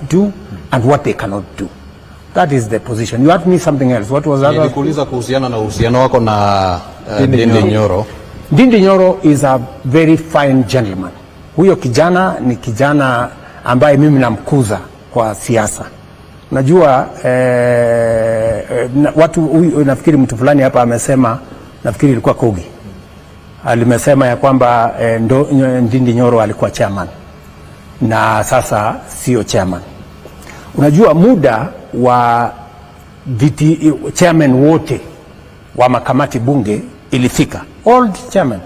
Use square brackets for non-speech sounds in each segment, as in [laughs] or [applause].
must do and what they cannot do. That is the position. You asked me something else. What was that? Nilikuuliza kuhusiana na uhusiano wako na Ndindi uh, Nyoro. Ndindi Nyoro is a very fine gentleman. Huyo kijana ni kijana ambaye mimi namkuza kwa siasa. Najua eh, watu huyu, nafikiri mtu fulani hapa amesema, nafikiri ilikuwa Kogi alimesema ya kwamba eh, Ndindi Nyoro alikuwa chairman na sasa sio chairman Unajua muda wa viti chairman wote wa makamati bunge ilifika, old chairman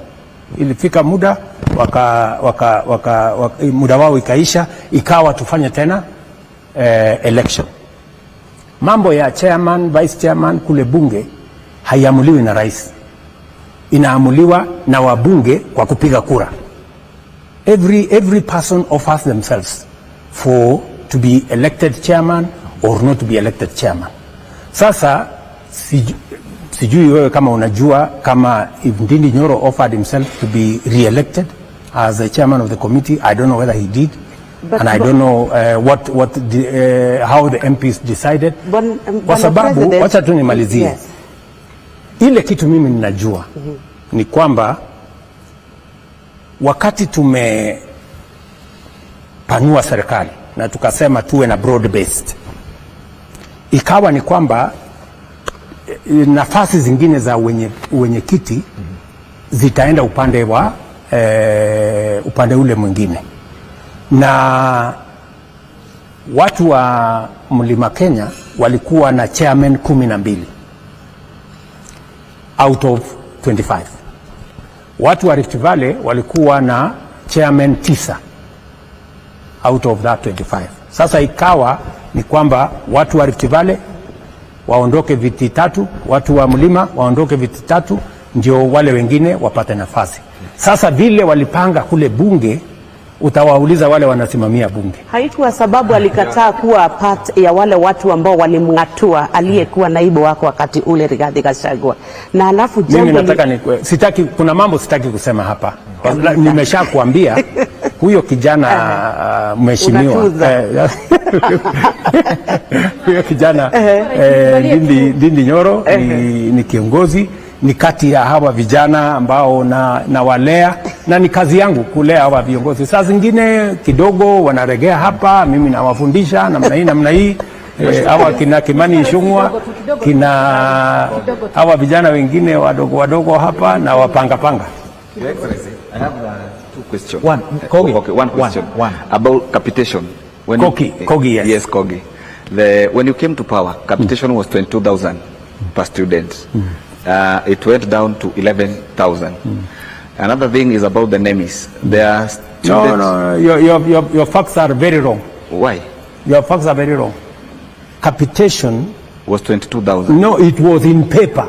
ilifika muda waka, waka, waka, waka, muda wao ikaisha, ikawa tufanye tena eh, election. Mambo ya chairman vice chairman kule bunge haiamuliwi na rais, inaamuliwa na wabunge kwa kupiga kura. Every, every person offers themselves for to be elected chairman or not to be elected chairman. Sasa sijui wewe kama unajua kama if Ndindi Nyoro offered himself to be re-elected as a chairman of the committee I don't know whether he did But and I don't know uh, what, what the, uh, how the MPs decided bon, um, kwa sababu wacha tu nimalizie yes. Ile kitu mimi ninajua mm -hmm. ni kwamba wakati tumepanua serikali na tukasema tuwe na broad based. Ikawa ni kwamba eh, nafasi zingine za wenyekiti wenye zitaenda upande wa e, upande ule mwingine, na watu wa Mlima Kenya walikuwa na chairman kumi na mbili out of 25. Watu wa Rift Valley walikuwa na chairman tisa out of that 25. Sasa ikawa ni kwamba watu wa Rift Valley waondoke viti tatu, watu wa mlima waondoke viti tatu, ndio wale wengine wapate nafasi. Sasa vile walipanga kule bunge utawauliza wale wanasimamia bunge. Haikuwa sababu alikataa kuwa part ya wale watu ambao walimng'atua aliyekuwa naibu wako wakati ule Rigathi Gachagua. Na alafu jambo mimi nataka ni... sitaki, kuna mambo sitaki kusema hapa, nimeshakwambia huyo kijana uh, mheshimiwa eh. [laughs] huyo kijana eh, Ndindi Ndindi Nyoro ni, ni kiongozi ni kati ya hawa vijana ambao na, na walea na ni kazi yangu kulea hawa viongozi. Saa zingine kidogo wanaregea hapa, mimi nawafundisha namna hii namna hii E, kina Kimani Ishungwa kina hawa vijana wengine wadogo wadogo hapa na wapangapanga two question. One, uh, Kogi. Okay, one question. One, one. About capitation. When Kogi, you, eh, Kogi, yes. Yes, Kogi. The, when you came to power, capitation mm. was 22,000 mm. per student. Mm. Uh, it went down to 11,000. Mm. Another thing is about the NEMIS. There are students... No, no, no. Your, your, your, your facts are very wrong. Why? Your facts are very wrong. Capitation... Was 22,000. No, it was in paper.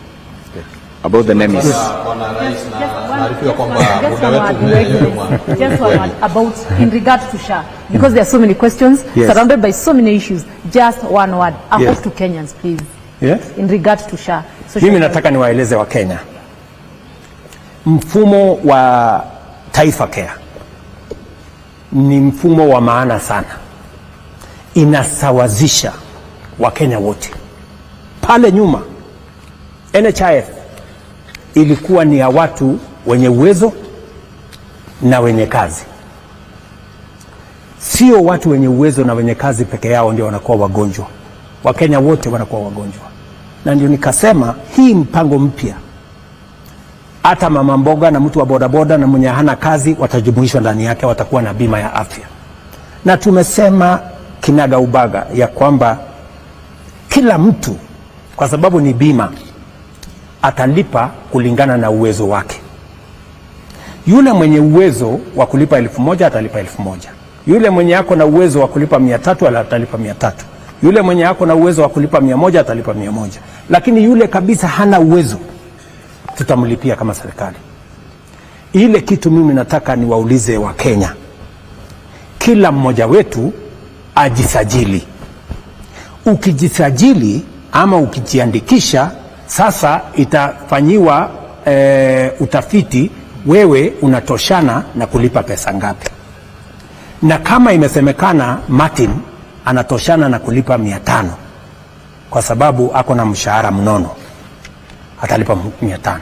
About the name is about in regard to SHA because there are so many questions yes. surrounded by so many issues just one word up yes. hope to Kenyans please yes. in regard to SHA so mimi nataka niwaeleze wa Kenya mfumo wa Taifa Care ni mfumo wa maana sana inasawazisha Wakenya wote pale nyuma NHIF ilikuwa ni ya watu wenye uwezo na wenye kazi. Sio watu wenye uwezo na wenye kazi peke yao ndio wanakuwa wagonjwa. Wakenya wote wanakuwa wagonjwa, na ndio nikasema hii mpango mpya, hata mama mboga na mtu wa bodaboda na mwenye hana kazi watajumuishwa ndani yake, watakuwa na bima ya afya. Na tumesema kinaga ubaga ya kwamba kila mtu, kwa sababu ni bima atalipa kulingana na uwezo wake. Yule mwenye uwezo wa kulipa elfu moja atalipa elfu moja. Yule mwenye ako na uwezo wa kulipa mia tatu atalipa mia tatu. Yule mwenye ako na uwezo wa kulipa mia moja atalipa mia moja, lakini yule kabisa hana uwezo tutamlipia kama serikali. Ile kitu mimi nataka niwaulize wa Kenya, kila mmoja wetu ajisajili. Ukijisajili ama ukijiandikisha sasa itafanyiwa e, utafiti, wewe unatoshana na kulipa pesa ngapi, na kama imesemekana Martin anatoshana na kulipa mia tano kwa sababu ako na mshahara mnono, atalipa mia tano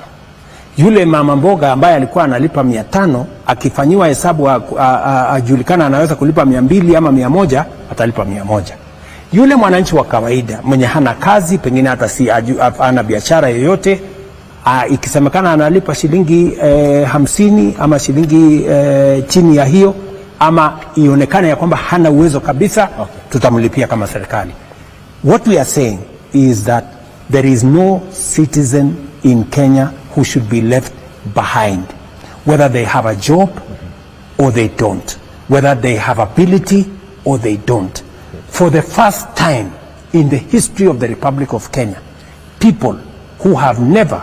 yule mama mboga ambaye alikuwa analipa mia tano akifanyiwa hesabu ajulikana anaweza kulipa mia mbili ama mia moja atalipa mia moja yule mwananchi wa kawaida mwenye hana kazi, pengine hata si ana biashara yoyote, ikisemekana analipa shilingi e, hamsini ama shilingi e, chini ya hiyo ama ionekane ya kwamba hana uwezo kabisa okay, tutamlipia kama serikali. What we are saying is that there is no citizen in Kenya who should be left behind whether they have a job or they don't whether they have ability or they don't for the first time in the history of the Republic of Kenya people who have never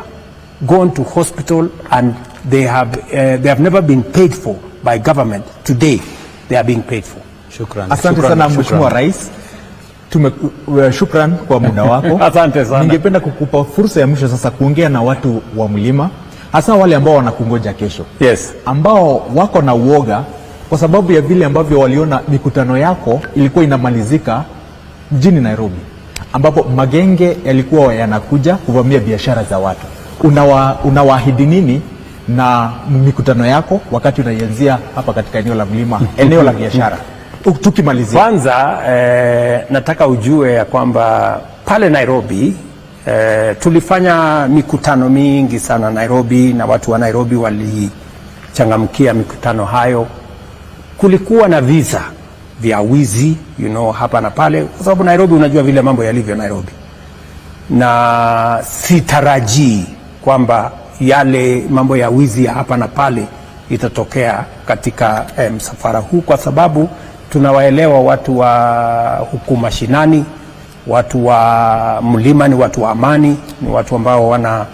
gone to hospital and they have, uh, they have never been paid for by government today they are being paid for. Shukran. Asante sana Mheshimiwa Rais. Tume, uh, shukran kwa muda [laughs] wako. Asante sana. Ningependa kukupa fursa ya mwisho sasa kuongea na watu wa Mlima hasa wale ambao wanakungoja kesho. Yes. Ambao wako na uoga kwa sababu ya vile ambavyo waliona mikutano yako ilikuwa inamalizika mjini Nairobi, ambapo magenge yalikuwa yanakuja kuvamia biashara za watu. Unawa, unawaahidi nini na mikutano yako wakati unaianzia hapa katika eneo la mlima, eneo la biashara tukimalizia? Kwanza eh, nataka ujue ya kwamba pale Nairobi eh, tulifanya mikutano mingi sana Nairobi, na watu wa Nairobi walichangamkia mikutano hayo kulikuwa na visa vya wizi you know, hapa na pale, kwa sababu Nairobi, unajua vile mambo yalivyo Nairobi, na sitarajii kwamba yale mambo ya wizi ya hapa na pale itatokea katika msafara um, huu kwa sababu tunawaelewa watu wa huku mashinani, watu wa mlima ni watu wa amani, ni watu ambao wana,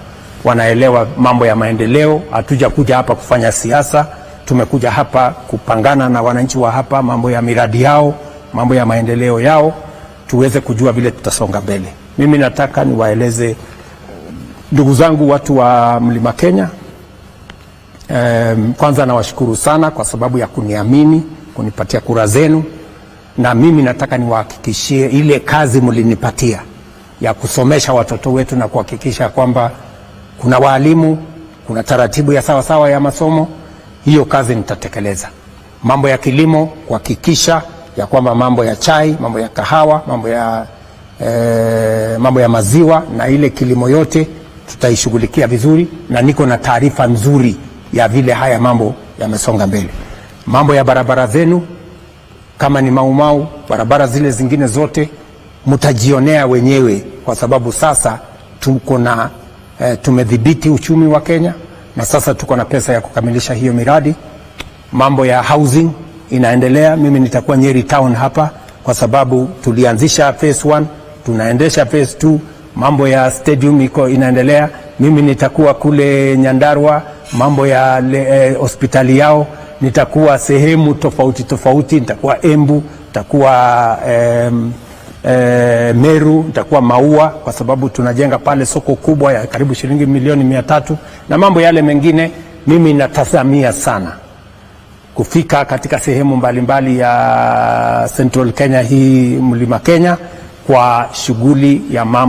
wanaelewa mambo ya maendeleo. Hatuja kuja hapa kufanya siasa tumekuja hapa kupangana na wananchi wa hapa, mambo ya miradi yao, mambo ya maendeleo yao, tuweze kujua vile tutasonga mbele. Mimi nataka niwaeleze eh, ndugu zangu watu wa Mlima Kenya. Um, kwanza nawashukuru sana kwa sababu ya kuniamini kunipatia kura zenu, na mimi nataka niwahakikishie ile kazi mlinipatia ya kusomesha watoto wetu na kuhakikisha kwamba kuna waalimu, kuna taratibu ya sawasawa sawa ya masomo hiyo kazi nitatekeleza. Mambo ya kilimo, kuhakikisha ya kwamba mambo ya chai, mambo ya kahawa, mambo ya, e, mambo ya maziwa na ile kilimo yote tutaishughulikia vizuri, na niko na taarifa nzuri ya vile haya mambo yamesonga mbele. Mambo ya barabara zenu kama ni Maumau, barabara zile zingine zote mtajionea wenyewe, kwa sababu sasa tuko na e, tumedhibiti uchumi wa Kenya na sasa tuko na pesa ya kukamilisha hiyo miradi. Mambo ya housing inaendelea. Mimi nitakuwa Nyeri town hapa kwa sababu tulianzisha phase 1, tunaendesha phase 2. Mambo ya stadium iko inaendelea. Mimi nitakuwa kule Nyandarua, mambo ya eh, hospitali eh, yao nitakuwa sehemu tofauti tofauti, nitakuwa Embu, nitakuwa eh, e, Meru itakuwa Maua kwa sababu tunajenga pale soko kubwa ya karibu shilingi milioni mia tatu na mambo yale mengine. Mimi natazamia sana kufika katika sehemu mbalimbali mbali ya Central Kenya hii Mlima Kenya kwa shughuli ya mambo